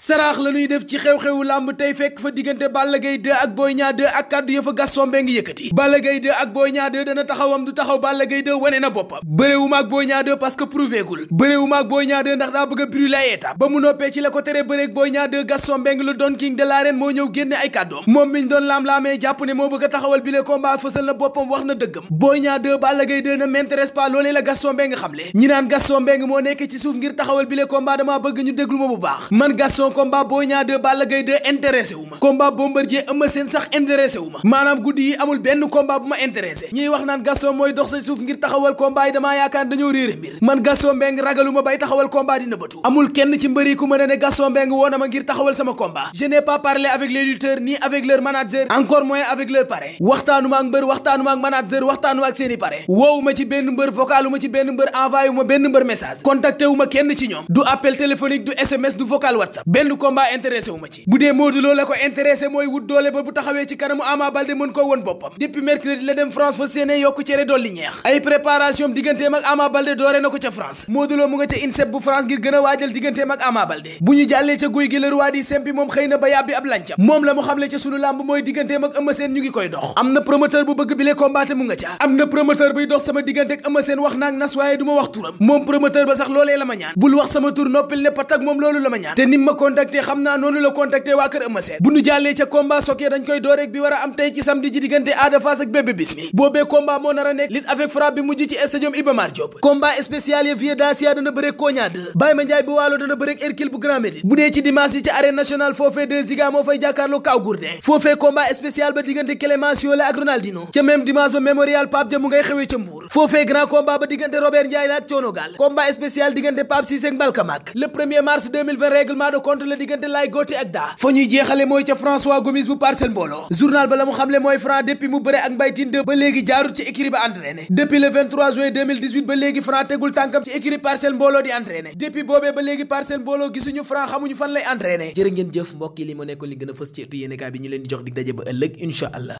saraax la ñuy def ci xew-xewu làmb tey fekk fa diggante Balla Gaye 2 ak Boy Niang 2 ak kàddu ya fa Gaston Mbengue yëkkati Balla Gaye 2 ak Boy Niang dana taxawam du taxaw Balla Gaye 2 wane na boppam bëréewuma ak Boy Niang 2 parce que prouvé gul bëréewuma ak Boy Niang 2 ndax daa bëgg a brûler ay ba mu noppee ci la ko tere bëreeg Boy Niang 2 Gaston Mbengue le Don King moo ñëw génne ay kàddoom moom miñ doon laam-laamee jàpp ne moo bëgg a taxawal bi le combat fësal na boppam wax na dëggam Boy Niang 2 Balla Gaye 2 ne m'intéresse pas loolee la Gaston Mbengue xamle ñi non combat Boy Niang 2 Balla Gaye 2 intéressé wu ma combat Bombardier Eumeu sax intéressé wu ma maanaam guddi yi amul benn combat bu ma intéressé ñiy wax naan Gaston mooy dox sa suuf ngir taxawal combat yi damaa yaakaar dañoo réere mbir man Gaston Mbengue ragalu ma bay taxawal combat dina bëtu amul kenn ci mbëri ku mën a ne Gaston Mbengue woo na ma ngir taxawal sama combat je n'ai pas parlé avec les lutteurs ni avec leur manager encore moins avec leur parrain waxtaanuma ak mbër waxtaanuma ak manager ma ci benn mbër vocalu ma benn mbër envoyé ma benn mbër message contacté wu ma kenn ci ñoom du appel téléphonique du benn combat intéressé wu ma ci bu dee Modou Lo la ko intéressé mooy wut doole ba bu taxawee ci kanamu Ama Baldé mën koo won boppam depuis mercredi la dem France fa séene yokku cere dolli ñeex ay préparation digganteem ak Ama Baldé doore na ko ca France Modou Lo mu nga ca INSEP bu France ngir gën a waajal digganteem ak Ama Baldé bu ñu jàllee ca guy gi la di sempi moom xëy na ba yàbbi ab lancam moom la mu xamle ca sunu làmb mooy digganteem ak na promoteur bu bëgg bi le combat mu nga ca na promoteur buy dox sama diggante ak Eumeu Sène wax wax turam moom promoteur ba sax loolee la ma ñaan bul contacté xam naa noonu la contacté waa kër Eumeu Sène bu nu jàllee ca combat sokee dañ koy door bi war am tey ci samedi ji diggante Ada ak Bébé Bismi boobee combat moo nar nekk lit avec frappe bi mujj ci stadium Iba Mar combat spécial ya vie d'Asia dana bëreeg Koña 2 Baye Mandiaye Waalo dana bëreeg Hercule bu Grand Médine bu dee ci dimanche yi ca arène nationale foofee 2 Ziga moo fay jàkkaarloo Kaw Gourdin foofee combat spécial ba diggante contre la diggante laay goote ak daa fa ñuy jeexale mooy ca François Gomis bu Parcelles Mbooloo journal ba la mu xamle mooy Franc depuis mu bëre ak Mbaye Tine 2 ba léegi jaarut ci écurie ba entraîné depuis le 23 juin 2018 ba léegi Franc tegul tànkam ci écurie Parcelles Mbooloo di entraîné depuis boobee ba léegi Parcelles Mbooloo gisuñu Franc xamuñu fan lay entraîné jërë ngeen jëf mbokk yi li mu li gën a fës ci etu yéenekaay bi ñu leen di jox dig daje ba ëllëg